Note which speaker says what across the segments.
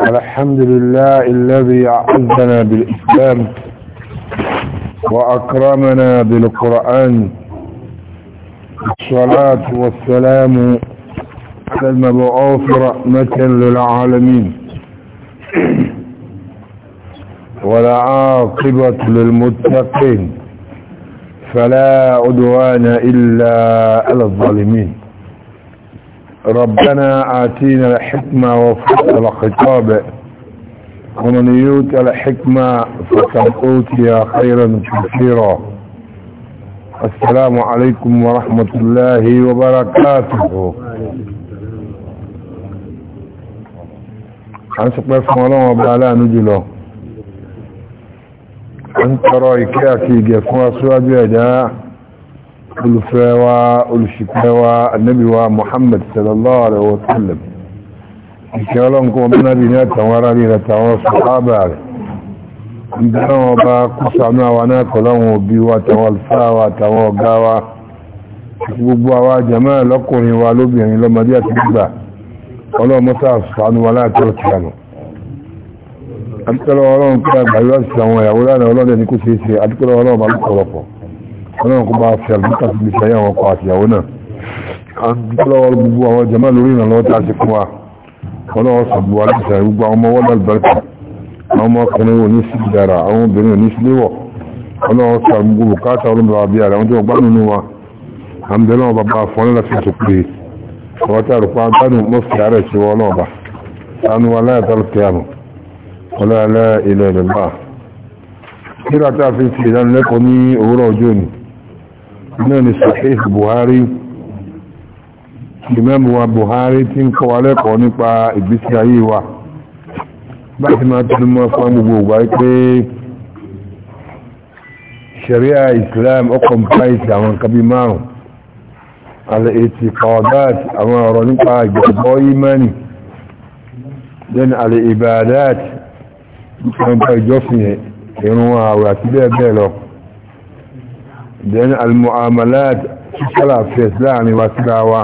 Speaker 1: الحمد لله الذي أعزنا بالإسلام وأكرمنا بالقرآن الصلاة والسلام على المبعوث رحمة للعالمين ولا عاقبة للمتقين فلا عدوان إلا على الظالمين ربنا آتينا الحكمة وفق الخطاب ومن يوت الحكمة فقد أوتي خيرا كثيرا السلام عليكم ورحمة الله وبركاته عن سقف مولان وبعلا نجله عن ترى إكاكي قفوا سواجه جاء olùfẹ́wà olùṣìpẹ́wà annabiwa muhammad sallallahu alaihi wasallam ìkẹ́ ọlọ́nkọ́ ọmọdé ní àtàwọn ará rí àtàwọn sọ́hábà rẹ̀ ìdáwọn ọba kúsànú àwọn anákọ̀ọ́lọ́wọ̀n òbí wa àtàwọn alfáwà àtàwọn ọ̀gá wa gbogbo àwa jàmáà lọ́kùnrin wa lóbìnrin lọ́mọdé àti gbígbà ọlọ́mọsá sọ́nù wa látọ̀ọ́ tìyànù àdúgbò ọlọ́run kí ọlọ́run kó bá fi àgbékà sí ibi ṣayé àwọn ọkọ àtìyàwó náà a ń dúpọ́lọ́wọ́ gbogbo àwọn jẹmọ́ lórí ìrànlọ́wọ́ tá a ti fún wa ọlọ́wọ́ sàbúwà láti gbogbo àwọn ọmọ wọ́lá àlùbáríkà àwọn ọmọkùnrin òní sí ìdára àwọn obìnrin òní sí léwọ̀ ọlọ́wọ́ sàbúgbò bùkátà olóbìnrin àbí ara àwọn tí wọ́n gbá nínú wa à ń bẹ̀rẹ̀ wọn bàbá fún ọlọ́lá fi tó pé ọwọ́ tí a rò pa gbádùn mọ́fì ààrẹ ti wọ́n náà bá sanu aláyàtọ̀ kẹrù ọlọ́ọ̀lá ilẹ̀ ìlẹ̀ bá kíra tá a fi náà ni sahih buhari ìmẹ́mù wa buhari tí ń kọwa lẹ́kọ̀ọ́ nípa ìgbésí ayé wa bá ti máa tún mọ́ fún gbogbo ìgbà pé sharia islam ọkọ̀m price àwọn kabi márùn alẹ́ẹ̀tì kọ̀ọ̀dáàtì àwọn ọ̀rọ̀ nípa ìgbẹ̀gbọ́ imani then alẹ́ẹ̀bàdáàtì nípa ìjọsìn ìrún àwẹ̀ àti bẹ́ẹ̀ bẹ́ẹ̀ lọ then al-mu'amalat sala fes láàrin wa síra wa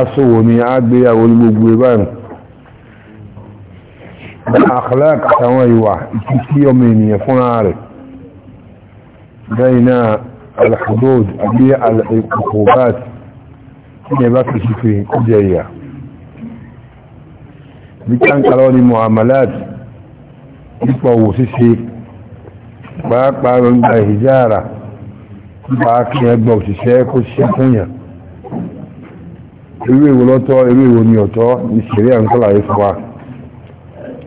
Speaker 1: aṣòwò ni a gbéyàwó gbogbo ìbáyìí bí akhlaq àtàwọn ìwà ìkíkí ọmọ ènìyàn fúnra rẹ̀ lẹ́yìn náà al-hudud àbí al-iqobat ní ẹbá kìí fi kújẹ ìyà bí kí ni mu'amalat nípa òwò ṣíṣe pàápàá ló ń gba ìjára nípa kí ẹgbọ́n òṣìṣẹ́ kó ṣiṣẹ́ fún yàn ewé ìwò lọ́tọ̀ ewé ìwò ni ọ̀tọ̀ ìṣẹ̀rí à ń sọ́làyé fún wa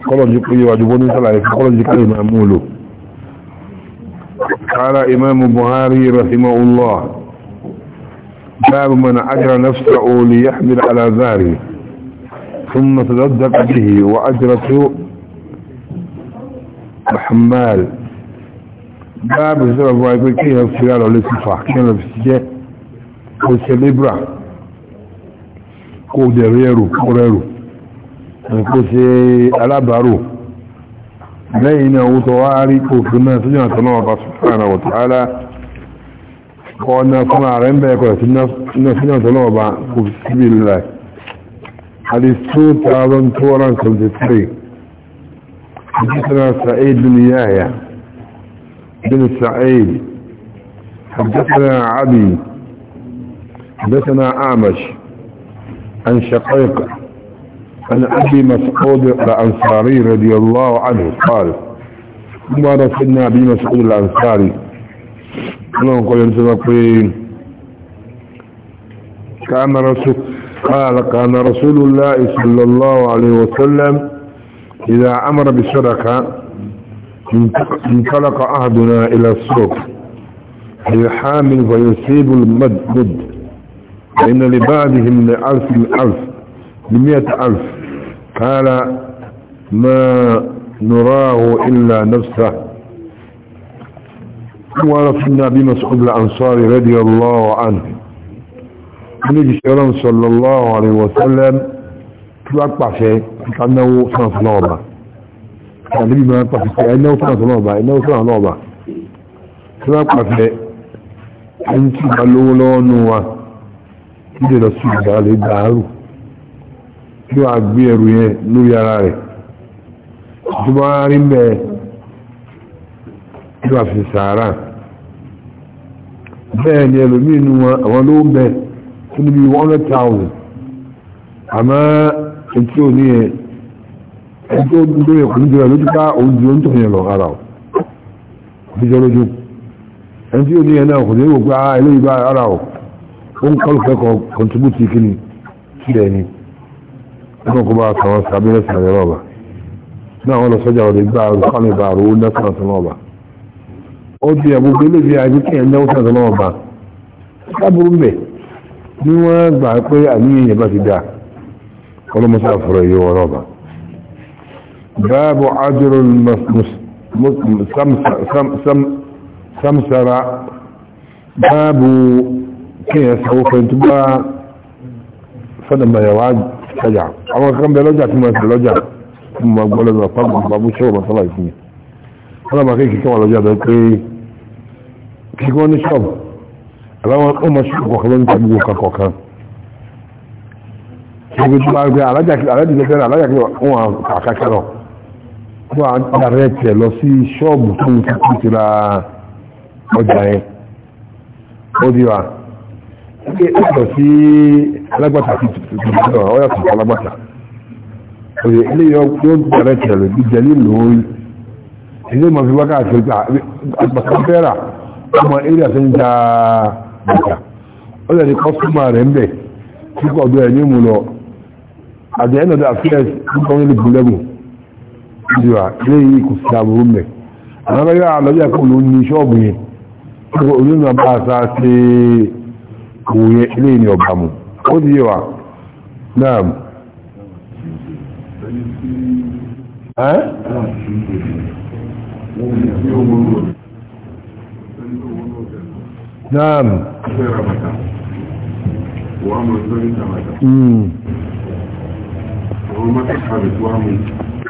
Speaker 1: kọ́lọ̀dí pé yíwájú bó ní sọ́làyé fún kọ́lọ̀dí ká ìmọ̀ mú lò kára imamu buhari rahimahullah باب من أجر نفسه ليحمل على ذاره ثم تصدق به وأجرته حمال báàbù sọ̀rọ̀ bọ́ ẹgbẹ́ kí èèyàn fi rárọ̀ lé fífà kí èèyàn fi jẹ́ kò ṣe libra kò dẹ̀rù ẹrù kò rẹrù kò ṣe alábàárò lẹ́yìn náà ó tọ́ wá rí kò fi náà sójú àtọ́ náà bá sùfàànà wọ̀ tààlà kọ́ náà fún ààrẹ ń bẹ̀ẹ́ kọ̀rọ̀ sínú àtọ́ náà bá kò fi síbi lílẹ̀ حديث 2273 حديثنا سعيد بن ياهيا بن سعيد حدثنا عبي حدثنا أعمش عن شقيق عن أبي مسعود الأنصاري رضي الله عنه قال ما رسلنا أبي مسعود الأنصاري اللهم قل مقيم كان رسول قال كان رسول الله صلى الله عليه وسلم إذا أمر بالشركه انطلق أحدنا إلى السوق الحامل ويصيب المد مد فإن لبعضهم لألف الألف لمئة ألف قال ما نراه إلا نفسه ورفنا بمسعود الأنصاري رضي الله عنه النبي صلى الله عليه وسلم تلقى شيء كأنه سنة نوبة àníbi máa pàṣẹ ẹ náwó sọ̀rọ̀ sọ̀rọ̀ ọba ẹ náwó sọ̀rọ̀ náà ọba tí wọ́n pàṣẹ ẹni tí ìgbà lówó lọ́wọ́ nù wa níbi lọ sí ìgbà lè gbà á rù kí wọ́n á gbé ẹrù yẹn lórí ara rẹ̀ tó bá rí mẹ́ẹ̀ kí wọ́n fi sàárà bẹ́ẹ̀ ni ẹlòmíì nù wọn àwọn ló ń bẹ fún níbi one hundred thousand àmọ́ ètò òní yẹn ẹni tó dúró yẹ kùn jùlọ lójú bá òun jù oúnjẹ yẹn lọ ara ọ̀ jíjọ lójú ẹni tí ó ní ẹ̀nà kò ní wò pé ara ah, ilé ìbá ara ọ̀ ó ń kọlù kẹ́kọ̀ọ́ kọ̀ntúbùtì kí ni sí ẹni ẹ̀kọ́ kó bá sọ̀rọ̀ sábẹ́rẹ́ sàrẹ́ rọ̀bà náà wọ́n lọ sọ́jà ọ̀dẹ̀ gbà kọ́ni bá rò ó lẹ́sàn tó lọ́ọ̀bà ó di ẹ̀bùn باب عجر سمسرة باب كيس هو فانتبا فلما يواج فجع اما كان بلوجع ثم يتلوجع ثم قول لنا طبعا بابو شو ما صلاة يسمي انا ما كيكي كما لوجع ده كي كيكو نشرب الاما اما شوك وخلوني تبقوا كاكو كان كيكو تبقى على جاك على جاك على جاك على جاك kó àdàrẹ tẹ̀ lọ sí ṣọ́ọ̀bù tó ń tún ti ra ọjà yẹn ó di wa ṣe ó lọ sí alágbàtà sí tuntun náà ó yàtọ̀ alágbàtà òye ilé yọ yóò dàrẹ tẹ̀ lọ bí jẹ́lí lòórí ilé mọ̀ fi wákàtí ọjà àgbàtà fẹ́ra ọmọ eré àti níta bàtà ó lẹ́ni kọ́sùmà rẹ̀ ń bẹ̀ kíkọ̀ ọdún ẹ̀ ní mú lọ àjẹ́ ẹ̀nà dà fẹ́ẹ̀ ìjọra léyìn kò sí àbúrú mẹ́ àwọn yóò àlọ́jà kò ló ní ṣọ́ọ̀bù yẹn kò olóòrùn ọba àṣà ṣe òye léyìn ọba mú ó ti yẹ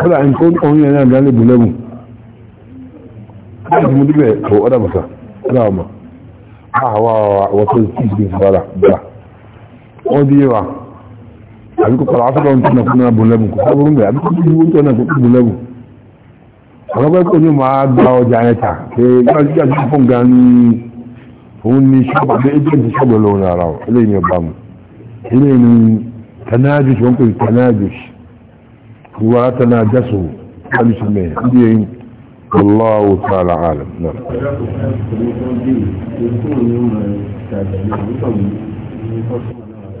Speaker 1: kọ́lá nǹkan orin ẹ̀rẹ́ àgbà lè bùlẹ́bùn láti mú díbẹ̀ tó ọ́dà mọ̀ta ọ́dà ọmọ àwọ̀ àwọ̀tọ́ sí ìgbìn fara gbà wọ́n dí wa àbí kò kọ́lá afẹ́kọ̀ ń tọ́nà fún bùlẹ́bùn kò sábúrú mẹ́ àbí kò tí wọ́n tọ́nà fún bùlẹ́bùn àwọn bẹ́ẹ̀ kò ní máa gba ọjà yẹn ta pé gbájúgbà tó fún ga ní òun ní ṣọ́ọ̀bù pé ẹgbẹ́ ti ṣọ́ọ̀bù lọ́wọ́ ara ọ̀ eléyìí ni ọba mu eléyìí ni tanájúṣ wọ́n pè ولا تناجسوا هل يسميه دين والله تعالى عالم نعم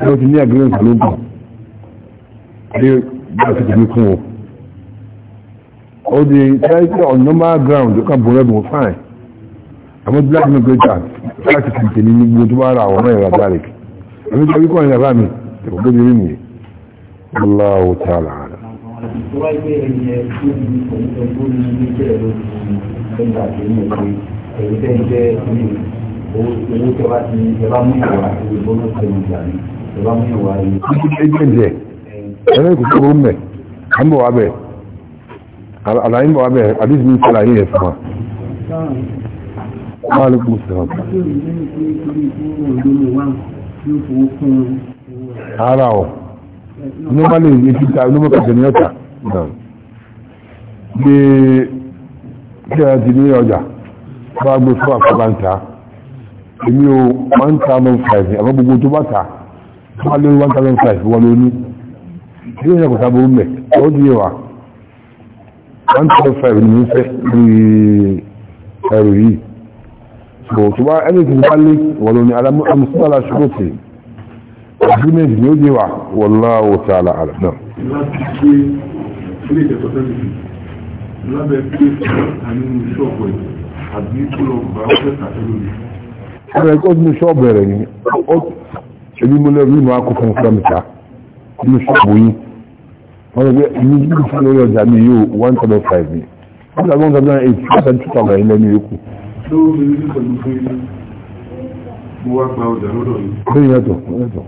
Speaker 1: ẹ̀rọ̀tí ní agreement ló ń bọ̀ ní báṣìkì ní fún wọn ó di tẹ́ẹ̀kì on normal ground ó kàn bọ̀rẹ̀ bọ̀ fine àmọ́ black man greater láti fi tèmi ní gbogbo tó bá ra àwọn ẹ̀rọ dalek ẹ̀mí tó wíkọ́ ìyàrá mi ẹ̀kọ́ bó di nìyẹn Allahu ta'ala
Speaker 2: àti tó wáyé pé ẹni ẹ tó ní òun tó tó ní ilé jẹ́ lórí ẹgbà tó ní òkè ẹ̀rí tẹ́ ń jẹ́ ní owó tẹ́ bá ti ẹ bá mú ìwà ìwé lọ́nà tó
Speaker 1: ń jà ní ẹ bá mú ìwà ìwé. ẹgbẹ́ ìjẹ́ ẹgbẹ́ kò tó rúmẹ̀ à ń bọ̀ wá bẹ̀ àlàyé ń bọ̀ wá bẹ̀ àdéhùn ní ìṣẹ̀lẹ̀ ayé ẹ̀ fún wa. Ara ọ̀ normally ní ti ta ló mọ́ kàtẹ́ ní ọjà gbé kí a ti ní ọjà bá gbé fún àkọ́bá ń ta èmi o one thousand five àmọ́ gbogbo tó bá ta wọ́n lé one thousand five wọ́n ló ní ilé ìyẹn kò sábò mẹ́ ó di wa one thousand five ni mo fẹ́ lórí ẹrù yìí tó bá ẹni tó bá lé wọ́n ló ní alamu ṣòkòtì agreement ni ó jẹ́ wà wallahu ta'ala alam náà
Speaker 2: lábẹ́ pé àní ní ṣọ́ọ̀bù ẹ̀ àbí tó lọ bá ọ́fẹ́ta lórí.
Speaker 1: ọ̀rẹ́ kó ní ṣọ́ọ̀bù rẹ̀ ni ẹbí mo lẹ́rú ìmọ̀ akókò fún mi ta ní ṣọ́ọ̀bù yìí wọ́n lọ pé ní bí fún lórí ọjà mi yóò one thousand five ni wọ́n lọ one thousand eight two thousand two thousand ilẹ̀ ní yòókù.
Speaker 2: lórí mi ní pẹ̀lú fún mo wá gba ọjà lọ́dọ̀ yìí.
Speaker 1: lórí yàtọ̀ yàtọ̀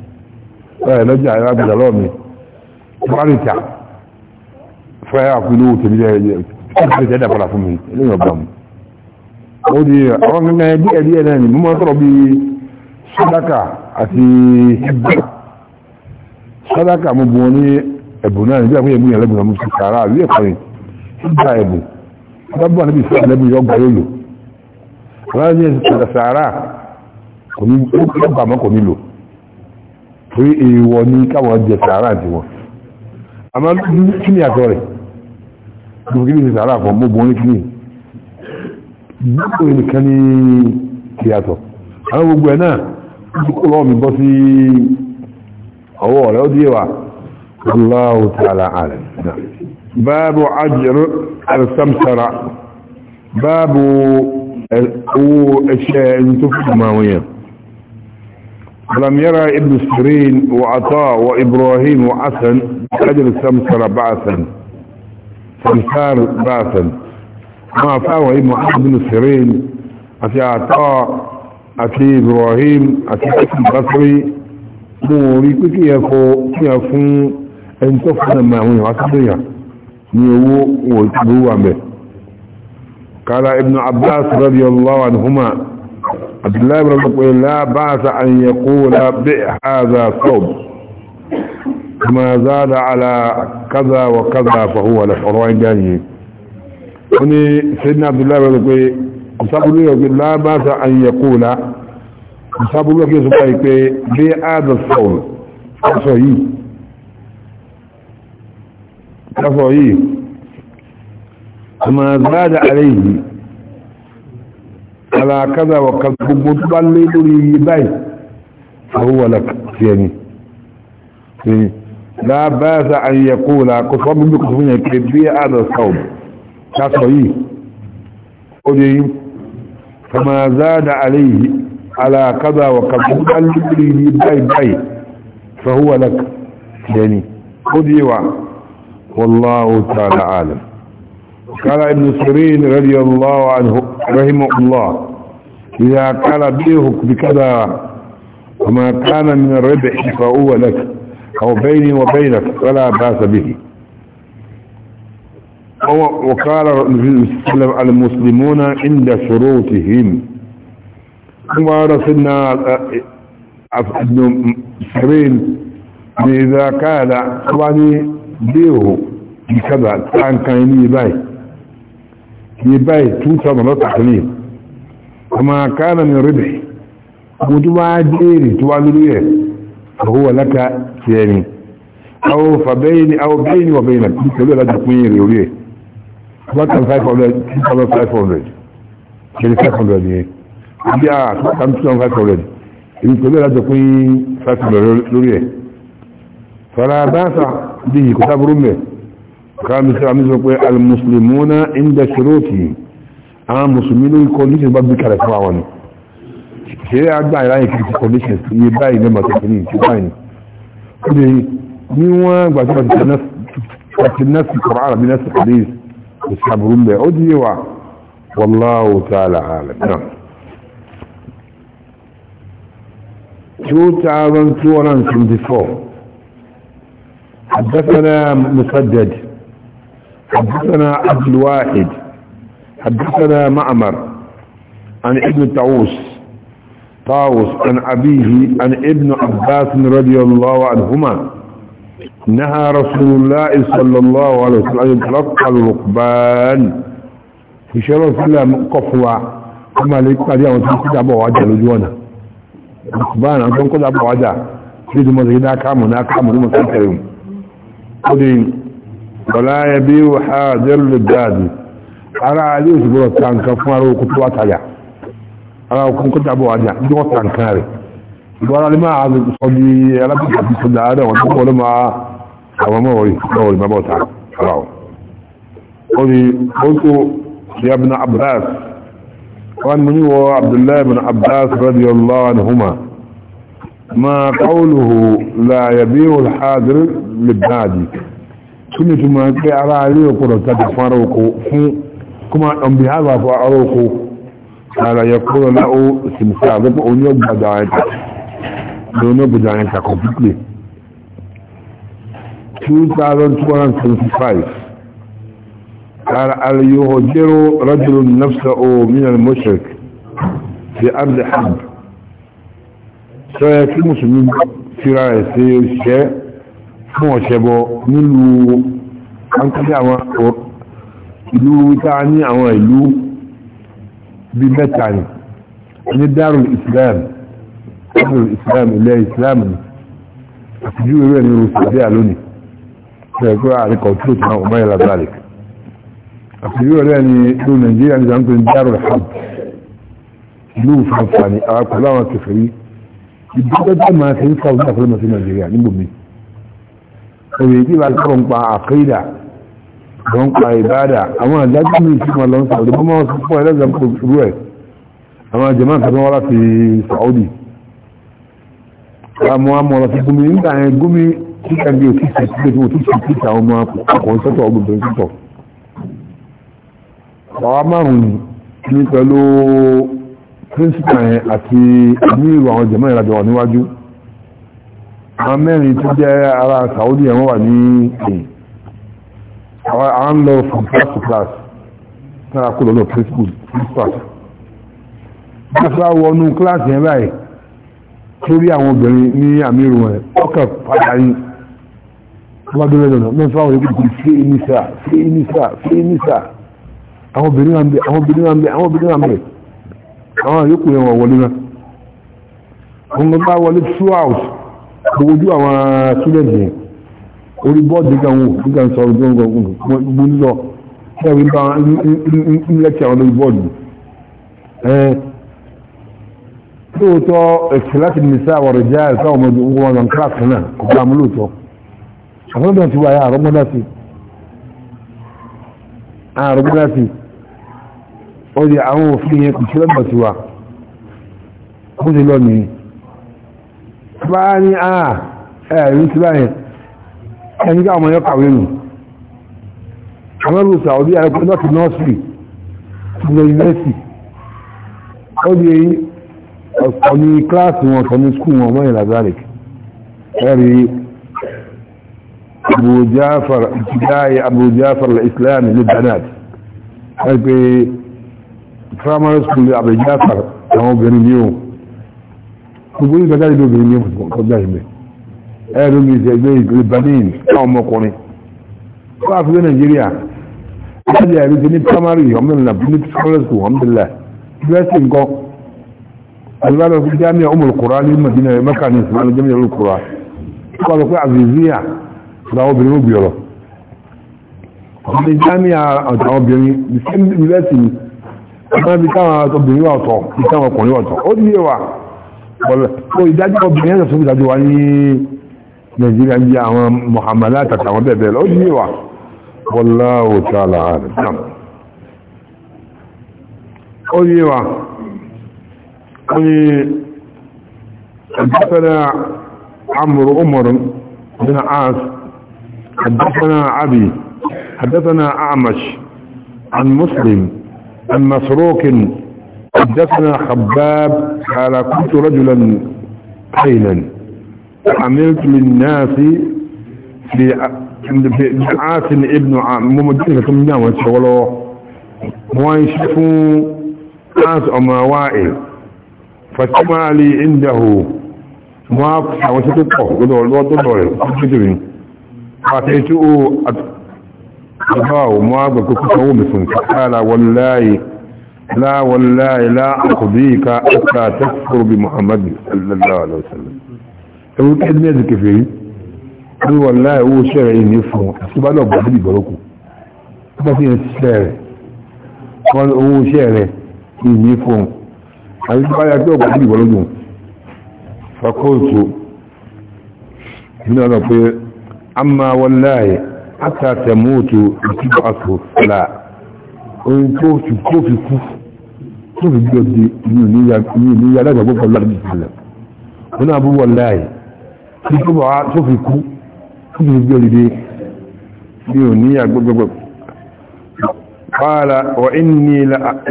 Speaker 1: ẹ̀ lọ́jà alágbèdà lọ́ọ̀ mi kọ́rìtà fẹ́ àpínú tèmi ẹ̀jẹ̀ ẹ̀dà padà fún mi lẹ́yìn ọgbà mu ó di ọ̀rọ̀ nígbà díẹ̀ díẹ̀ náà ni mo máa sọ̀rọ̀ bíi sọ́dákà àti ẹ̀bà sọ́dákà mo bu wọn ní ẹ̀bùn náà nígbà pé ẹ̀bùn yẹn lẹ́bùn náà mo fi sàárà àbí ẹ̀kọ́ yẹn nígbà ẹ̀bùn lọ́bùn níbi ìfẹ́ lẹ́bùn yọ yóò lò torí èèwọ̀ ní káwọn jẹ sàárà tí wọn a máa lójú kí ni àtọ́ rẹ̀ gbogbo kí ni ti sàárà fún gbogbo orí kí ni gbogbo ẹnìkan ní kí àtọ̀ àwọn gbogbo ẹ̀ náà gbogbo lọ́wọ́ mi bọ́ sí ọwọ́ rẹ̀ ó dí ẹwà Allahu ta'ala alam báàbù ajẹ́rù alìsàmsára báàbù owó ẹ̀ṣẹ́ ẹni tó fún ìmọ̀ àwọn èèyàn لم يرى ابن سيرين وعطاء وإبراهيم وحسن أجل سمسر بعثا سمسار بعثا ما فاوه إيه محمد بن سيرين أتي عطاء أتي إبراهيم أتي حسن بصري موري كي يفو كي يفو أن تفضل ما هو عصريا نيو ويتبوا به قال ابن عباس رضي الله عنهما عبد الله بن عمر لا باس أن يقول بئ هذا الثوب ما زاد على كذا وكذا فهو لحروان جاني وني سيدنا عبد الله بن عمر يقول لا باس أن يقول أصاب يقول بئ هذا الثوب فصحيح فصحيح ما زاد عليه على كذا وكذا قبض لي باي فهو لك يعني. يعني لا باس ان يقول قصب من الكبير هذا الصوم تصوي قولي فما زاد عليه على كذا وكذا قال لي باي باي فهو لك يعني قدي والله تعالى عالم قال ابن سيرين رضي الله عنه رحمه الله إذا قال بيهك بكذا وما كان من الربح فهو لك أو بيني وبينك فلا باس به وقال المسلمون عند شروطهم ثم ورسلنا ابن سيرين إذا قال طبعا بيه بكذا كان كان يبايه ní báyìí 2000 lọ́ta kìlì ọmọ kánà ní rí bẹ̀ mo tó wá jẹ́rì tó wá lórí ẹ̀ àwọn aláka ti ẹni àwọn fàbẹ́yìn àwọn bẹ́yìn ni wọ́n bẹ́yìn náà pẹ̀lú aláta pín ìrì orí ẹ̀ 1500 2500 kìlì 500 ni ibi a 2500 ibi pẹ̀lú aláta pín 500 lórí ẹ̀ fara bá sà bí kò sábúrú mẹ́rin kàmìsí àmì sọ pé almuslimuna inda shurutihim àwọn musulmi lórí condition bá bí kàrẹ̀ fún àwọn ni ṣeré agbá ìráyè kìí condition iye báyìí lẹ́mà tó kìí tí báyìí ó lè ní wọ́n gbà tí wọ́n ti nọ́ọ̀sì kọ̀rọ̀ àràbí nọ́ọ̀sì hadith kò sí àbúrú ń bẹ̀ ó di yẹwà wallahu ta'ala náà حدثنا مسدد حدثنا عبد الواحد حدثنا معمر عن ابن طاووس طاووس عن أبيه عن ابن عباس رضي الله عنهما نهى رسول الله صلى الله عليه وسلم يتلقى الركبان في شرف الله قفوة كما لك قد يوم تنقض أبو وجه لجوانا الركبان أن تنقض أبو وجه تريد مزيدا كامو ناكامو نمسان كريم قدين ولا يبيع حاضر للدادي على عليه كان كفار فمارو كتوا على وكم كنت أبو أجع دوا كاري ولا لما عاد صدي أنا بدي أبي صدي أنا أو ما وري ما ما بوتا راو قولي قلت يا ابن عباس وأن من هو عبد الله بن عباس رضي الله عنهما ما قوله لا يبيع الحاضر للنادي tún ní túnmọ̀ pé ara rí òkúrò tàbí fún ara oko fún kuma on behalf of ara oko ara yẹ kúrò láó simsa àgbẹ́pọ̀ oní ọgbàdà ẹ̀ta lóní ọgbàdà ẹ̀ta completely 2275 قال اليهجر رجل نفسه من المشرك في أرض حب سيكون مسلمين في رأيه سيشاء fún ọ̀ṣẹ̀bọ nílùú kankadé àwọn ìlú tá ní àwọn ìlú bí mẹ́ta ni ní dárùn islam dárùn islam ilẹ̀ islam ni àti jú eré ní rúsàdé àlónì ṣẹ̀kọ́ àríkọ̀ tó tán ọmọ ìlà dalek àti jú eré ní ìlú nàìjíríà ní sàmtò ní dárùn hajj ìlú fanfani àwọn pẹ̀lú àwọn kẹfẹ̀rí ìdúgbẹ́gbẹ́ máa ti ń sàwọn àfẹ́lẹ́mọ̀ sí nàìjíríà níbòmí ẹ̀wẹ̀ tí bá kọ́ ń pa àkídà wọ́n pa ìbádà àwọn àdájú ní ìtumọ̀ lọ sọ ọ̀dọ̀ mọ́ sí fún ẹlẹ́gbẹ̀ẹ́ kò rú ẹ̀ àwọn jẹ̀mọ́ àtàwọn wá láti Saudi àwọn amọ̀ lọ sí gómi nígbà yẹn gómi kíkà bí òtítì sílé tí òtítì títà ọmọ ìrajọ̀ níwájú àwọn mẹ́rin tó jẹ́ ara Saudi ẹ̀wọ́n wà ní ẹ̀yìn àwọn lọ from class to class náà kó lọ́lọ́ preschool preschool nípa wọnú class yẹn báyìí torí àwọn obìnrin ní àmìrù wọn ọkọ̀ padà yìí lọ́dún lẹ́dọ̀nà mẹ́fà wọ́n yẹ́kùn sí inisa sí inisa sí inisa àwọn obìnrin wà ń bẹ àwọn obìnrin wà ń bẹ àwọn obìnrin wà ń bẹ àwọn yòókù yẹn wọ̀ wọlé náà wọ́n bá wọlé throughout ojú àwọn student yẹn orí bọ́ọ̀dù kan wò nígbà sọ ọdún gbogbo ń lọ ẹ̀rí bá ń lẹ́kẹ̀ àwọn orí bọ́ọ̀dù lóòótọ́ ẹ̀kẹ́ láti nìsá àwọ̀rẹ̀ jẹ́ àìsàn ọmọ ogun wọn class náà kò bá mú lóòótọ́ àfọ́nàdàn ti wáyé àrọ́gbọ́dá sí àrọ́gbọ́dá sí ó di àwọn òfin yẹn kò sí lọ́gbọ̀ sí wa kó sí lọ́nìí bá ní àà ah, ẹ̀rí ti báyìí ẹni ká ọmọ yọ kàwé nù amẹ́rù sàwọ́dí àrẹ́kọ́ náà ti nọ́ọ̀sì ilẹ̀ yunifásitì ó di ọ̀sán ní kíláàsì wọn ọ̀sán ní ẹgbẹ́ primary school Abu àwọn obìnrin yìí gbogbo yìí gbàdáyé lóbìnrin ní ìwọ̀n kọjá ìmẹ̀ ẹ̀rọ mi ìṣẹ̀gbẹ́ ìbáníyìn káwọn ọmọkùnrin fún àfihàn nàìjíríà láti ẹ̀rí ti ní primary ọmọdéla ní secondary school ọmọdéla university nǹkan alibaba fún jamiu umar kura ní madina mẹ́ka ní ìsìnkú jamiu umar kura kọ́ lọ pé aziziya làwọn obìnrin ó gbìyànjọ ọmọdé jamiu àtàwọn obìnrin the same kò ìdájọ́ obìnrin ẹ̀sọ̀ fún ìdájọ́ wa ní nàìjíríà bí àwọn mọ̀hàmàlá àtàtàwọn bẹ́ẹ̀ bẹ́ẹ̀ lọ sí wà wallahu ta'ala ààrẹ̀ ó yé wa ó ní ẹ̀dọ́fẹ́lẹ́ عمرو عمر بن عاص حدثنا عبي حدثنا أعمش عن مسلم عن مسروق حدثنا خباب قال كنت رجلا حينا عملت للناس في عاصم ابن عام ممدين كم نعم شغله وانشفوا ناس اما وائل فاجتمع لي عنده مواقف وشتقه قدوا الوضع دوري كتبين فاتيتوا
Speaker 2: أدفاو مواقف كتبه مثل فقال
Speaker 1: والله لا والله لا أقضيك حتى تكفر بمحمد صلى الله عليه وسلم ẹwọ́n tí ẹdínlẹ́ ẹ̀dùn kẹfẹ̀ẹ́rí ní wọ́n láì owó ṣẹ́rẹ̀ ìní fún àtúbálọ̀ bọ̀dí ìgbọ̀lọ́kù ọba fi hàn ṣẹ́rẹ̀ wọ́n owó ṣẹ́rẹ̀ ìní fún àtúbálọ̀ pé ọba bọ̀dí ìgbọ̀lọ́kù fakóòtù nínú ọ̀nà pé a máa wọ́n láì àtàtẹ̀móòtù ìtúbọ̀ àtò fẹ́lá ohun tó fi kú tó fi bí ọdí inú ní alágbàgbọ́ pẹ̀lú àdúgbò ìpìlẹ̀ wọn náà bú wọlé àyè tí tó bọ̀ tó fi kú tó fi bí ọdídé bí ò ní agbẹ́gbẹ́gbẹ́ قال وإني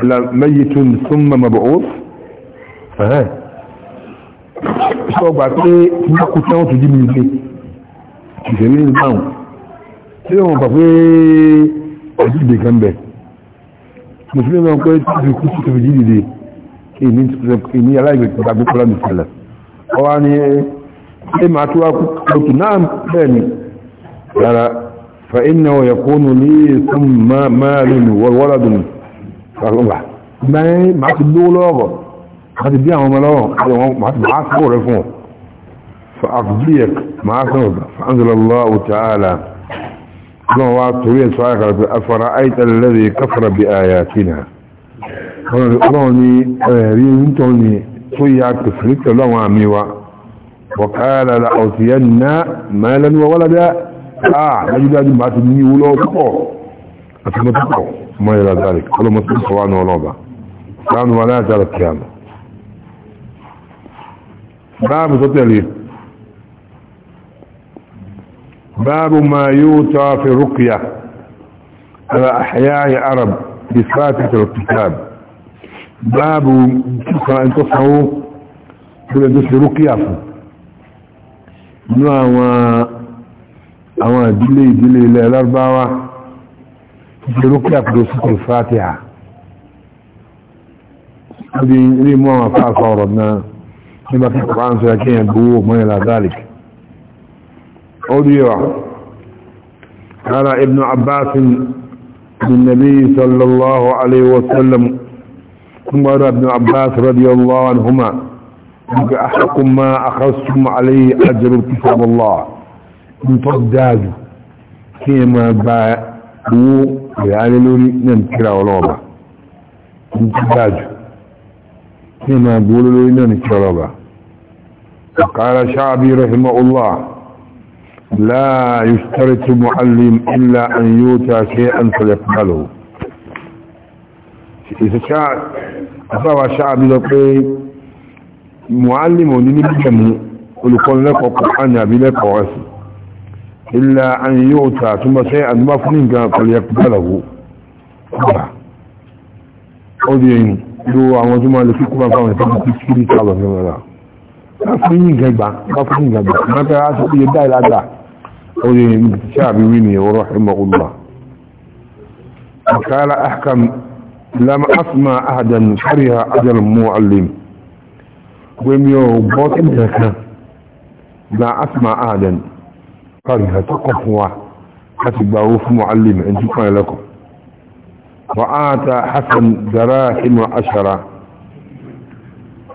Speaker 1: لميت ثم مبعوث فهي sọ gbà pé mọ́kù tí wọ́n tó jí mi gbé ìṣẹ̀lẹ̀ ìbáhùn tí wọ́n bà pé ọdún ìdè kan bẹ̀rẹ̀ mùsùlùmí náà pé tí ìfi kúrò tó fi jí dìde ìní aláìgbàgbé kọ́lá mi sẹlẹ̀ ọwá ni ẹ máa tó wá kòtù náà bẹ́ẹ̀ ni rárá fa iná ọ̀yẹ̀ kónú ní fún mẹ́rin wọ́lọ́dún ọlọ́wà mẹ́rin máa ti ta'ala ọlọ́run wá torí ẹ̀sọ́ àkàrà afọ́ra àìtàlẹ́lẹ́rẹ́ káfàrà bí àyàtìnà ọlọ́run ni ẹ̀rí nítọ́ ni tó yà kìfìrí pẹ̀lú àwọn àmì wa wọ̀káyàlá ọ̀tìyà ná mẹ́lẹ́nu wọ́lọ́dá àà dájúdájú bá ti ní wúlọ́ pọ̀ àti mọ́tọ́pọ̀ mọ́ ìlà dárí ọlọ́mọ́tọ́ sọ́wọ́nù ọlọ́ba láàánú wa láàjára kìámù báàbù tó tẹ̀lé باب ما يوتى في الرقية على أحياء عرب بفاتحة الكتاب باب تقرأ أن تصحوا كل أن تصحوا رقية هو أما دلي دلي للأربعة في رقية بسكر الفاتحة هذه لي مواما فاصورنا لما في القرآن سيكون يدوه ما إلى ذلك أوليوة قال ابن عباس للنبي صلى الله عليه وسلم قال ابن عباس رضي الله عنهما أحكم ما أخذتم عليه أجر كتاب الله انتداد كما باعوا ويعللوني ننكرا ولوبا انتداد كما بولولوني ننكرا ولوبا وقال شعبي رحمه الله لا يشترط معلم إلا أن يوتى شيئا فيقبله إذا شاء أصاب الشعب يقول معلم لنبجمه ولقل لك القرآن بلك وغسل إلا أن يؤتى ثم شيئا مفنين فليقبله أودين لو àwọn tó máa lè fi kúrò fáwọn ìtọ́jú ما kiri tààlọ̀ fún ọ̀rọ̀ من شعبي ويني ورحمه الله وقال احكم لم اسمع احدا كره اجل المعلم ويميو بوتن ذكا لا اسمع احدا كره تقفوا حسبه في معلم عندكم لكم وآتى حسن دراهم عشرة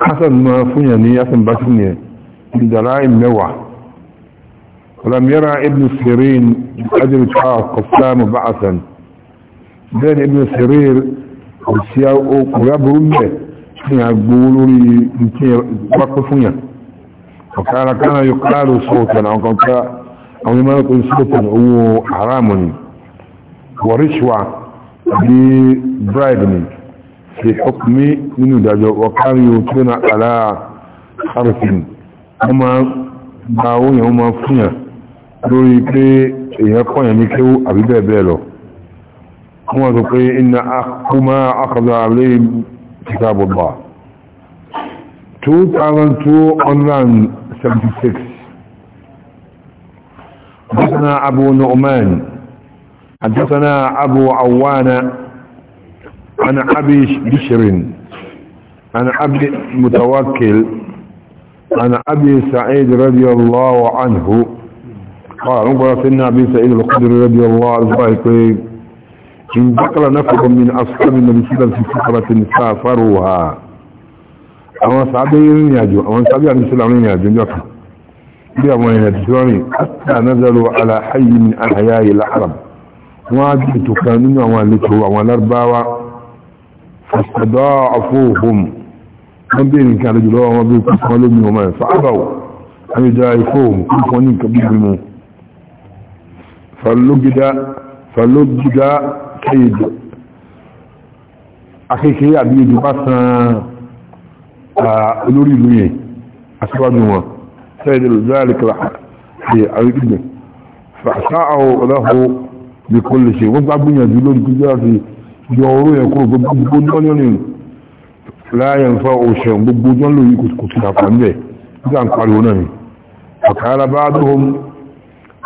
Speaker 1: حسن ما فنيني حسن بسنيني دراهم نوع ولم يرى ابن سيرين بقدر إتحاء قسام بعثا بين ابن سيرين والسياء قرابهم به يعني يقولوا لي وقفوني وكان كان يقال صوتا أو كان أو لما يقول صوتا هو حرام ورشوة ببرايبني في حكم من دجو وكان يوتون على خرف هما باوي هما فنيا lórí pé èyàn kọ́yàn ní kéwú àbí bẹ́ẹ̀
Speaker 3: wọ́n pé iná akúmá
Speaker 1: àlẹ́ 2276 أبو نعمان أبو عوانا عن أبي بشر عن أبي متوكل عن أبي سعيد رضي الله عنه قال عمر سيدنا أبي سعيد الخدري رضي الله عنه قال ان انتقل نفر من أصحاب النبي صلى الله عليه وسلم في سفرة سافروها أما صعبين يهجوا أما صعبين عليه السلام يهجوا يقف بأموين يتسلوني حتى نزلوا على حي من أحياء العرب وادي تكانين ومالته والأرباوة فاستضاعفوهم من بين كان بين وبين كسولهم وما فعبوا أن يجايفوهم كيف ونين كبيرهم fọlógídá kéèdù akéèkéé àbí èdè bá san olórí ìlú yẹn aṣíwájú wọn sẹ́ẹ̀dẹ̀ lọ́dọ́rẹ̀kẹ́lá àti àríkìdẹ̀ fàṣáàwọ̀ ọ̀lọ́hùn bí kò lè ṣe wọ́n gbágbìyànjú lórí gbígbá àti yọ oró yẹn kúrò gbogbo jọ́nìyàn láyé ń fa òṣèlú gbogbo jọ́nìyàn kò tún àpá ń bẹ̀ nígbà ń pariwo náà ni ọ̀kà alábàádùn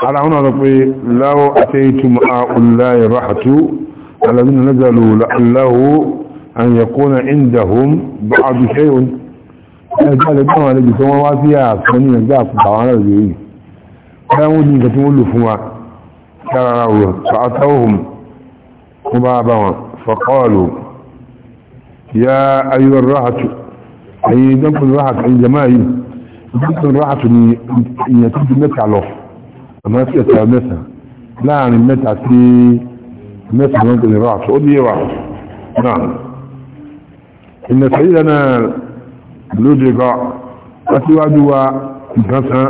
Speaker 1: على هنا نقول لو أتيتم هؤلاء الرحة الذين نزلوا لعله أن يكون عندهم بعض شيء قال لهم أنا جسوا واسيا فمن جاءت دعوانا الجيد كانوا دين كتموا لفوا كانوا فأتوهم قبابا فقالوا يا أيها الرحة أي دمك الرحة أي جماعي دمك الرحة أن يتجمك على الله àmọ́ sí ẹ̀ta mẹ́sàn láàrin mẹ́ta sí mẹ́sàn ló ń pè ní raf ó ní ìwà náà ìnà sẹ́yìn náà lóde gọ́ látíwájú wa nǹkan san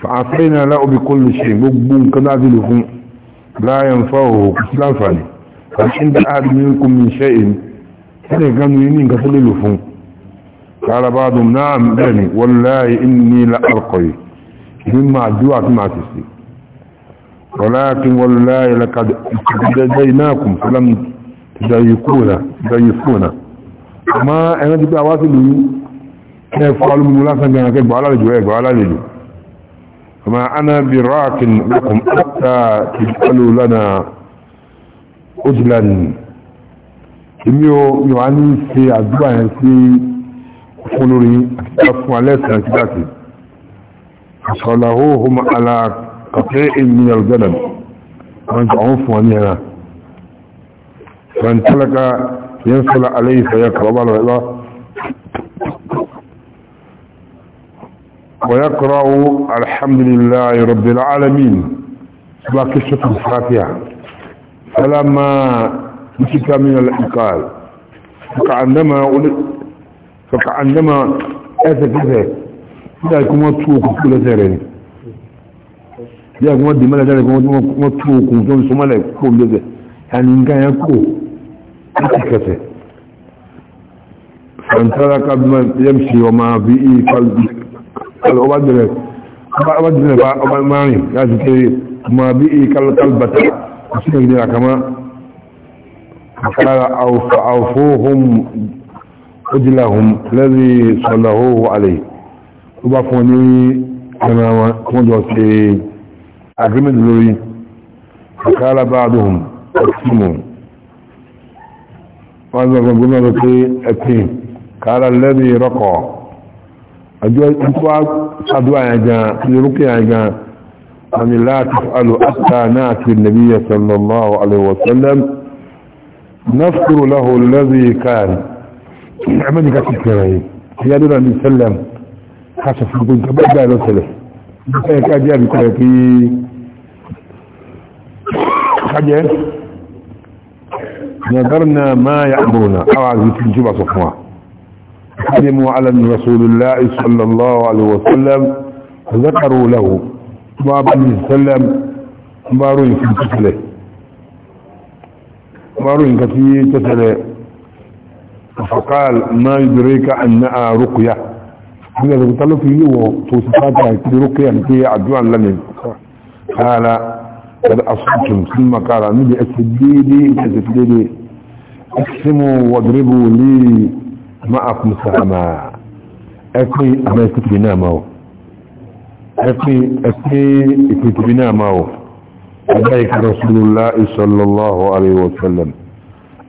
Speaker 1: fàáfẹ́ náà láòbí kó lè ṣe gbogbo nǹkan láti lè fún láyẹn fọ́ọ̀ kò sí láǹfààní fàáṣín dá àdúgbò kò mi ṣe èyí sẹ́nì kan ní nǹkan tó lè lò fún قال بعضهم نعم بني والله إني لأرقي مما عدوا ما تسي ولكن والله لقد استجديناكم فلم تضيقونا تضيقونا ما انا دي اواصل كيف قالوا من لاسا كان كيف على الجواب على الجواب فما انا براك لكم حتى تجعلوا لنا عدلا يميو يواني في عدوا في قولوا لي أكتب فوالي سنة فصلهوهم على قطيع من الجلد وانتعون فوانينا فانتلك ينصل عليه فيقرب على الله ويقرأ الحمد لله رب العالمين سبا كشة الفاتحة فلما مسك من الإقال فكعندما فكعندما أثبت bí àìkú wọ́n tú okùn kú lẹ́sẹ̀ rẹ̀ ni bí àìkú wọ́n dì mọ́lẹ̀ dáre kí wọ́n tú okùn tó ń so mọ́lẹ̀ kó lẹ́sẹ̀ yàní nǹkan yẹn kó láti kẹsẹ̀
Speaker 3: fàǹtàrà kábímọ̀ yẹn ṣe
Speaker 1: ọmọ bí i ọba jẹrẹ ọba jẹrẹ ọba márùn láti kéré ọmọ bí i kálbàtà àti ìgbéra kama فقال أوفوهم أجلهم الذي صلوه عليه tó bá fún ní ẹran wọn tó jọ ṣe agreement lórí àkàrà bá àdóhùn ọ̀tíìmù wọ́n zọ gbogbo náà pé ẹ̀pìn kààrà lẹ́bí rọ́kọ̀ àjọ ìpá sàdúwà yẹn gan tí rúkẹ́ yẹn gan àmì láti alò àtà náà ti nàbí حسب بن قالوا نظرنا ما يأمرنا أعزي تنجب صفوان قدموا على رسول الله صلى الله عليه وسلم ذكروا له ما بني سلم ما في الكتلة مباروين كثير تسلة فقال ما يدريك أنها رقية هذا اللي قلت فيه وتوصيفات هيتدركي يعني في عدوى لنا قال قد أصبتم ثم قال نجي أسديدي أسديدي أقسموا واضربوا لي معكم سهما أكي أما يستفينا معه أكي أكي يستفينا معه أبيك رسول الله صلى الله عليه وسلم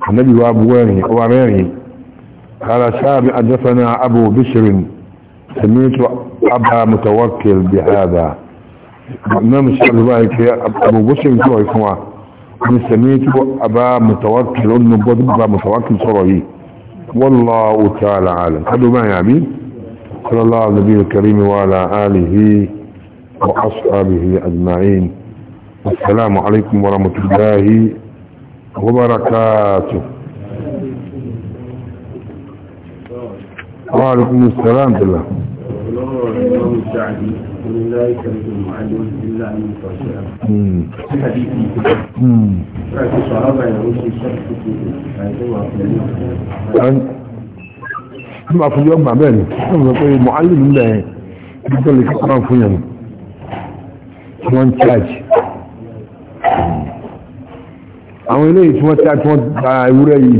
Speaker 1: النبي وأبوانه وأرانه قال شاب أدفنا أبو بشر سميت أبا متوكل بهذا نعم الشعب ذلك أبو بشر يقول يسمع أنا سميت أبا متوكل أنه أبا متوكل صره والله تعالى عالم هذا ما يعني صلى الله على النبي الكريم وعلى آله وأصحابه أجمعين السلام عليكم ورحمة الله وبركاته
Speaker 2: وعليكم السلام بالله لا يكلف المعلم الا ان يطيع. في حديث بعد الصحابه يعود الشخص في
Speaker 1: ما في يوم مع بالي معلم الله يقول لك اقرا في يوم وان تاج àwọn eléyìí tí wọ́n tí wọ́n gba ìwúrẹ́ yìí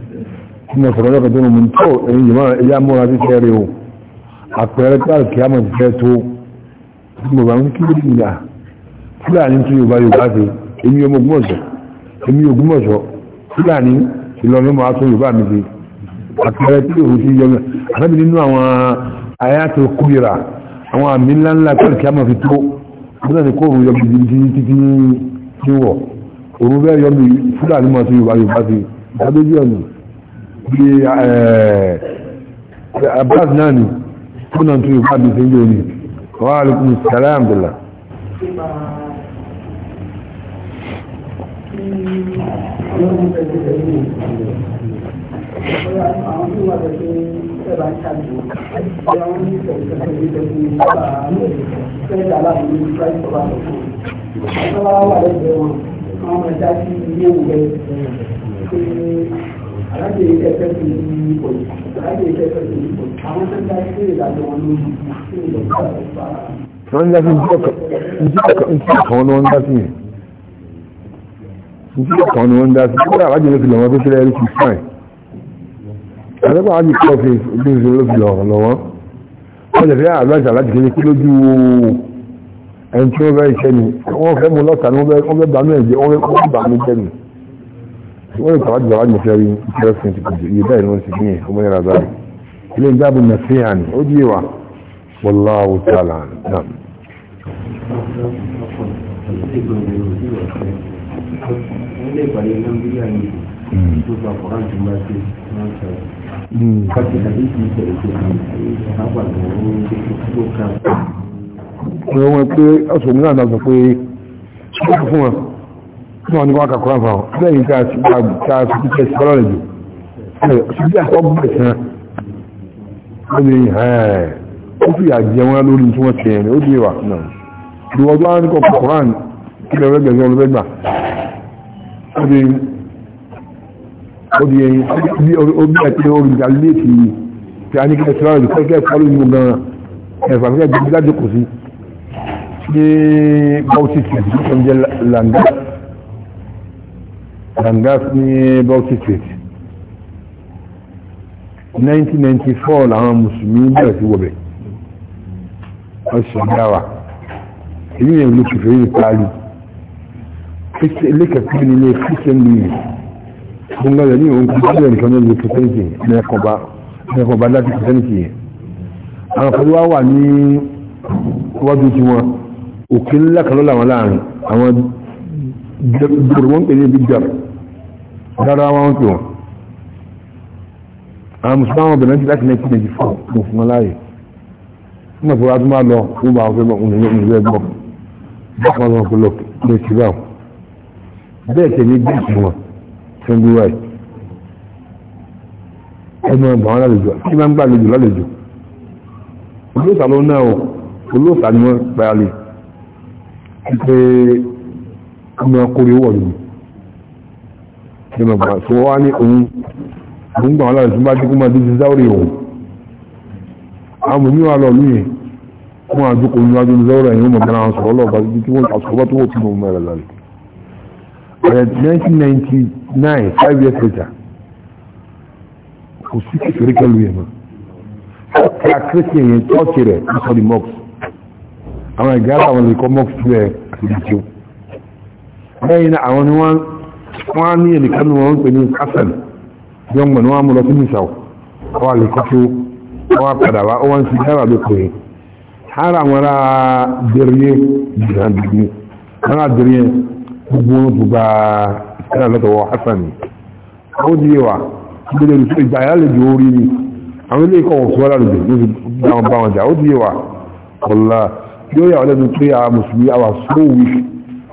Speaker 1: kuma sọ̀rọ̀ lọ́kà tó mú tó èyí jùmọ́ ẹjá múra sí fẹ́ rí o àpẹẹrẹ tààrù kí a mọ̀ sí fẹ́ tó mo bá ń kí ló dìgbà fúlàní tí yorùbá yorùbá fi èmi ọmọ ògbómọ̀ṣọ́ èmi ògbómọ̀ṣọ́ fúlàní ìlọrin máa tó yorùbá mi fi àpẹẹrẹ tí yòówù sí yọmọ àtàbí nínú àwọn ayáto kúrira àwọn àmì ńláńlá tààrù kí a mọ̀ fi tó fúlà ní kóòrùn yọmọ títí títí tí wọ̀ òun bẹ́ẹ̀ yọmọ fúlàní máa tó yorùbá yorùbá fi ìdádójú ọ̀nà bí eh, abbas náà ni kúnnà tó ìfà bí sí yóò ní wà alùkùn sàlám
Speaker 2: Àwọn ọmọ ìdájí ilé ìwé ṣe láti ilé ẹ̀fẹ́ ní ipò láti ilé ẹ̀fẹ́ ní ipò dá sí ìlànà wọn lórí sí ìlọ́pàá ọ̀pá. wọ́n ń dá sí ìjọ kan ní wọ́n ń dá sí
Speaker 1: yẹn ìjọ kan ní wọ́n ń dá sí kódà àwájú ló fi lọ́wọ́ tó tẹ́lẹ̀ rí sí fáìn àdẹ́gbà àwájú kọ́ fi ojú ìṣòro ló fi lọ́wọ́ lọ́wọ́ wọ́n jẹ̀ fẹ́ àlọ́ ìjà láti kéde kí lójú ẹni tí wọ́n fẹ́ iṣẹ́ ni wọ́n fẹ́ mú lọ́ta ni wọ́n fẹ́ bá mú ẹ̀jẹ̀ wọ́n fẹ́ bá mú jẹ́ ni wọ́n yóò tàwájú tàwájú mọ̀fẹ́ rí kẹrẹsìn ti kùjù iye báyìí wọ́n ti gbìyàn ọmọ yàrá dáa ilé ìjábù nàfẹ́ àní ó díye wa wallahu ta'ala náà hmm. wọ́n wọ́n pé ọ̀sùn náà náà sọ pé ó fún wọn náà ní wọ́n kà kúrán fáwọn lẹ́yìn tá a ti tẹ́ sí ọlọ́rẹ̀ jù ṣùgbọ́n àti ọgbọ̀n ìsìn ó ní ẹ̀ẹ́ ó fi àjẹ wọn lórí tí wọ́n ti ẹ̀ ó di wà náà ìwọ́jọ́ á ní kọ kúrán a ní rangas ní Bauchi State 1994 làwọn mùsùlùmí bẹ̀rẹ̀ sí wọ̀bẹ̀ ọ̀ṣọ̀dáwà èyí yẹn ló kìfẹ́ yìí pàálù lẹ́kẹ̀kẹ́ nílé christian louis fún gbọ́dọ̀ ní òun kìí sílẹ̀ nìkan lórí christianity mẹ́kàn bá láti christianity yẹn àwọn kan wá wà ní wájú tí wọn òkè ńlá kan lọ́la wọn láàrin àwọn gbogbo wọn pè ní bíjar dára wọn pè wọn àwọn musulman wọn bẹ̀rẹ̀ láti lẹ́kí méjì fún musulman láàyè fún mọ̀ fún adúmọ̀ lọ fún bá ọ̀fẹ́ bọ̀kùn nínú ìwé ẹgbọ́ bákan wọn kò lọ ní ti bá wọn bẹ́ẹ̀ tẹ̀ ní bí ìsìn wọn fún bí wáyé ẹnu ọgbà wọn lálejò kí máa ń gbà lejò lálejò olóòtà ló náà olóòtà ni wọn gbà lè ọmọ ọkùnrin wọ̀ lù ní bàbá tó wá ní òun òun gbà wọn láti bá dínkù máa dínkù záwòrì òun àwọn òní wà lọ lù yẹn wọn àdúkò ní wájú záwòrì ẹ̀yìn wọn sọ̀rọ̀ lọ́ọ̀bá tí wọ́n àsọ̀rọ̀ tó wò tún òun mẹ́rẹ̀ lálẹ́ ààrẹ 1999 five years later kò sí kékeré kẹlu yẹn mọ́ ọ̀kẹ́ akérèké yẹn tọ́ọ̀kì rẹ̀ ń sọ di mọ́ọ̀kì àwọn ìgbà lẹ́yìn àwọn ni wọ́n wọ́n ní ẹnìkan ní wọ́n ń pè ní kásẹ̀l yọ́n mọ̀ ní wọ́n mú lọ sí nìṣàw wọ́n lè kọ́tù wọ́n padà wá wọ́n sì dára lókùnrin ara àwọn ará dẹ̀rẹ̀ jìnnàdìní ara dẹ̀rẹ̀ gbogbo wọn tó gba ìṣẹ́lẹ̀ lọ́tọ̀wọ́ Hassan ó di wa gbogbo ìṣẹ́ ìgbà yà ilé ìkọ̀wọ̀ sí wọ́n lálùbẹ̀ ló fi bá wọn jà ó di wa yóò yà ọ́ pé àwọn mùsùlùmí àwọn sóòwì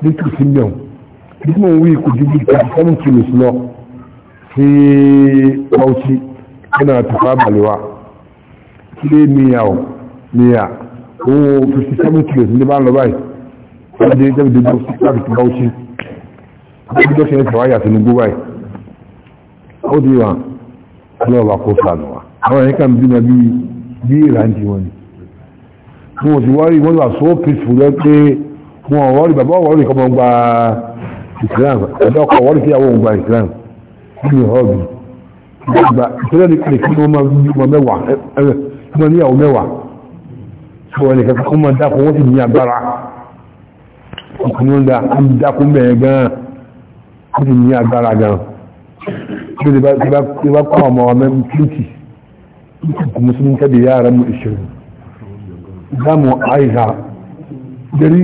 Speaker 1: ní tùsí bí mo ń wí kò ju bí seven kilos lọ sí bauchi yana tafa balewa kílé miya o miya òun fifty seven kilos ní bá ń lọ báyìí wọ́n dé débi dé bauchi láti ti bauchi wọ́n dé ṣẹlẹ̀ tàwáyà tinubu báyìí ó di wa ọlọ́ọ̀bà kó sànù wa àwọn ẹ̀ka ń bímọ bí bí ìrántí wọn ni mo ti wá rí wọ́n so peaceful lọ pé wọn ò wọ́n rí bàbá wọn islam ẹ̀dọ́ ọkọ̀ wọ́n fi àwọn ògbà islam nínú ọ̀bì ìgbà ìṣẹ́lẹ̀ nìkan kí wọ́n máa mẹ́wàá ẹ̀rẹ̀ tí wọ́n níyàwó mẹ́wàá tí wọ́n nìkan kí wọ́n máa dákun wọ́n sì ní agbára ọkùnrin da ń dákun bẹ̀rẹ̀ gan-an wọ́n sì ní agbára gan-an tí wọ́n bá kọ́ ọmọ ọmọ twenty kò musulmi kẹ́bi yára mu ìṣẹ̀lẹ̀ ìgbà mu àìsà jẹ́rí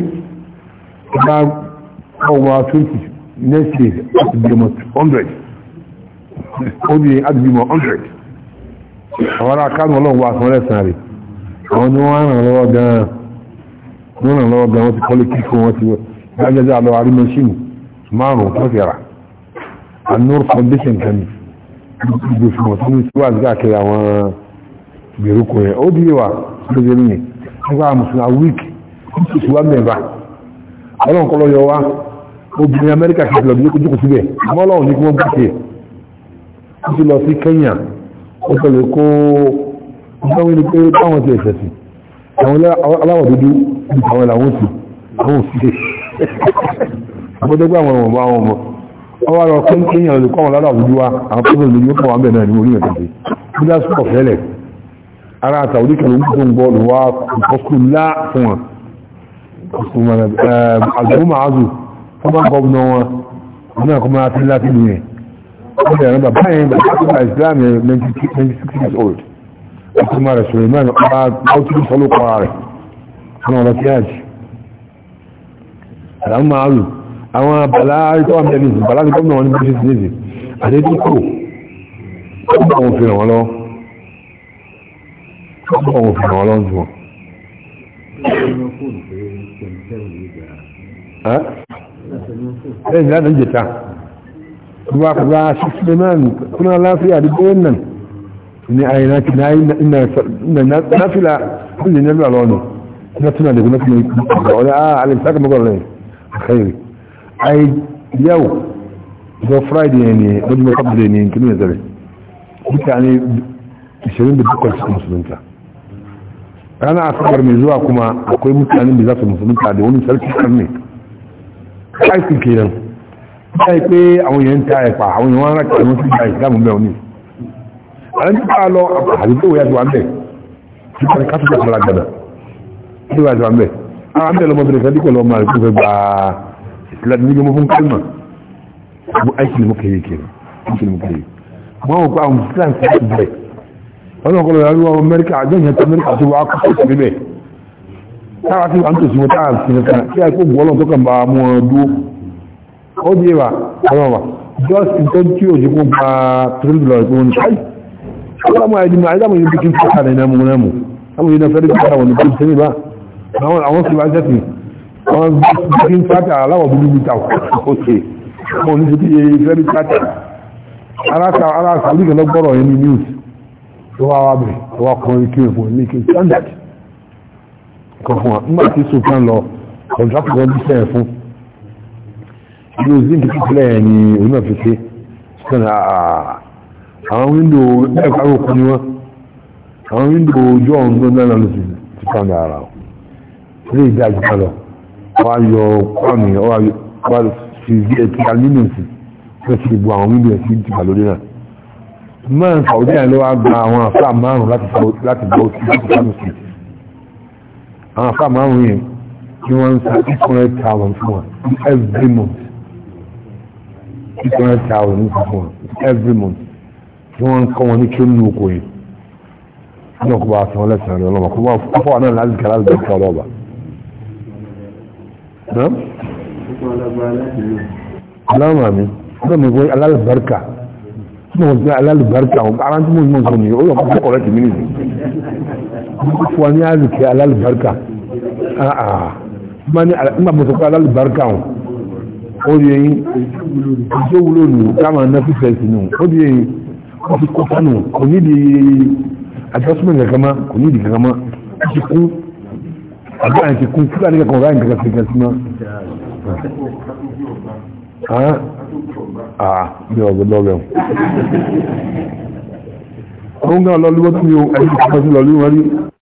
Speaker 1: ìgbà ọmọ 20 next year láti bí ọmọ 100 ó ní láti bí ọmọ 100 àwọn ará kánú ọlọ́run wà fún ẹlẹ́sàn rẹ̀ àwọn ni wọ́n ràn lọ́wọ́ gan-an wọ́n ràn lọ́wọ́ gan-an wọ́n ti kọ́lé kíkọ́ wọ́n ti gbájẹ́jẹ́ àlọ́ àrí mọ́ṣínì márùn-ún tó ti rà anur foundation kan gbogbo fún wọn tó ní tí wà ní káàkiri àwọn gbèrúkọ yẹn ó dìde wà lóde nìyẹn nígbà mùsùlùmí a week ó wá mẹ́fà ọlọ́run kọ́lọ́ yọ wá obìnrin amẹ́ríkà kìí lọ bí ó jókòó síbẹ̀ mọ́lọ́wọ́ ní kí wọ́n bá ṣe ó ti lọ sí kenya ó tẹ̀lé kó ìgbàwọ́n ni pé báwọn ti ẹ̀sẹ̀ sí àwọn aláwọ̀ dúdú ní àwọn ìlàwọ̀n sí àwọn òṣìṣẹ́ àbọ́dẹ́gbẹ́ àwọn ọmọ àwọn ọmọ wọ́n wá lọ pé kenya lè kọ́ àwọn aláwọ̀ dúdú wa àwọn pẹ́sẹ̀ lè yóò kọ́wàá ọmọ gọ́ọ̀nà wọn wọn náà kọ́ máa fi láti lù yẹn wọ́n lè rán bàbá yẹn bàbá tó bá islam yẹn 96 years old ọkọ̀ máa rẹ̀ sọ̀rọ̀ ìmáà ọba ọtún sọ́lọ́ kọ́ rẹ̀ àwọn ọ̀rọ̀ sí àjì àlàmú máa lù àwọn bàlá tó wà bẹ́ẹ̀ nìyí bàlá tó gọ́ọ̀nà wọn ní bíṣẹ́ sí nìyí àti tó kù ó bọ̀ wọn fi ràn wọn lọ ó bọ̀ wọn fi ràn wọn lọ jù wọn ɗan ya ɗan jita kuma ka za shi suleiman kuna lafiya duk ɗayan nan ne a yana na yi na nafila kulle na lura wani na tuna da kuma kuma da wani a alif saka magwar rai a kai ai yau ga friday ne wajen mai kabbalai ne kuma ya zare mutane 27 suka musulunta rana asabar mai zuwa kuma akwai mutanen da za su musulunta da wani sarki karni káàkiri kìíràn báyìí pé àwọn èèyàn ń ta ẹ̀pà àwọn èèyàn wọn rákà wọn sí ìgbà ìsìlámù bẹ́ẹ̀ ni àwọn tí lọ àbíkó wòye àti wà ń bẹ̀ tí wọ́n àwọn àbẹ̀ lọmọbìnrin kan dípò lọmọ àrùkú fún kálmà àwọn ìsìlámù sí ìbẹ̀ wọn táwa tí wọ́n tó sí wọ́n táà sí nìkan kí a kó gbọ́lọ̀ tó kàn bá mú ọ dúó ó di ẹwà àwọn just in tó tí ò sí kó bá tìrìlì lọ ìpínlẹ̀ ṣáì ọlọ́mọ ẹni mọ̀ àìdámọ̀ yìí bí kí n náà mú náà mú àwọn yìí náà fẹ́rẹ́ bí káwọn ní bí sẹ́yìn bá àwọn sì wá sẹ́sìn àwọn bí sáta aláwọ̀ búrú bí táwọn òkè àwọn oníṣẹ́ bí fẹ́rẹ́ sáta aláṣà aláṣà oníkẹ́ lọ́gbọ́rọ̀ yẹn ní news tó wá wá bẹ̀rẹ̀ tó kan fún wa nígbà tí sultan lọ kọ̀ǹtàkì kan bí sẹ́yìn fún ilé ozin kìkì sílẹ̀ ní onímọ̀ fífi sultan àwọn windo ẹ̀ka àròkọ ni wọ́n àwọn windo ojú ọ̀hún tó náà lọ sí sultan ara o ilé ìdá àjùmọ̀ lọ wọ́n á yọ kwami wọ́n á fi bí ẹtì aluminium sí wọ́n ti bu àwọn windo ẹtì ti bà lórí náà máa ń sàwọ́dí àìlọ́wọ́ gba àwọn àfáà márùn-ún láti bọ́ sí láti àwọn afá máa ń rìn ní wọ́n ń sa eight hundred thousand fún wa every month eight hundred thousand ní fún wa every month tí wọ́n ń kọ́ wọn ní kéwìn ní oko yìí ní ọkọ̀ bá aṣọ ọlẹ́sìn rẹ̀ ọlọ́mọ kó bá fọ́ wa náà láti kà láti bẹ̀rẹ̀ kọ́ ọlọ́ba. mi, ọ̀dọ́ mi wọ́n alálùbáríkà mo gbé alálùbáríkà àwọn aráńtí mo ń mọ̀ nǹkan mi ó yọ kó kọ́ ọ̀rẹ́ tèmi nìyí
Speaker 2: kuwa ni arziki alalibarka a'a
Speaker 1: ma ni ma musu ko alalibarka o o de ye ìjọ wulo nu kama nafi fẹsi nu o de ye o ti kọta nu kò ní di adjustment kankan ma kò ní di kankan ma o ti kún àbí àwọn ti kún fúlàní kankan ọ̀rá nǹkan kankan kankan ma.
Speaker 2: aa mi ò gbọdọ̀ bẹ̀ o.
Speaker 1: àwọn ń o lọ lọ́wọ́ tí mi ò ẹni tí wọ́n ti lọ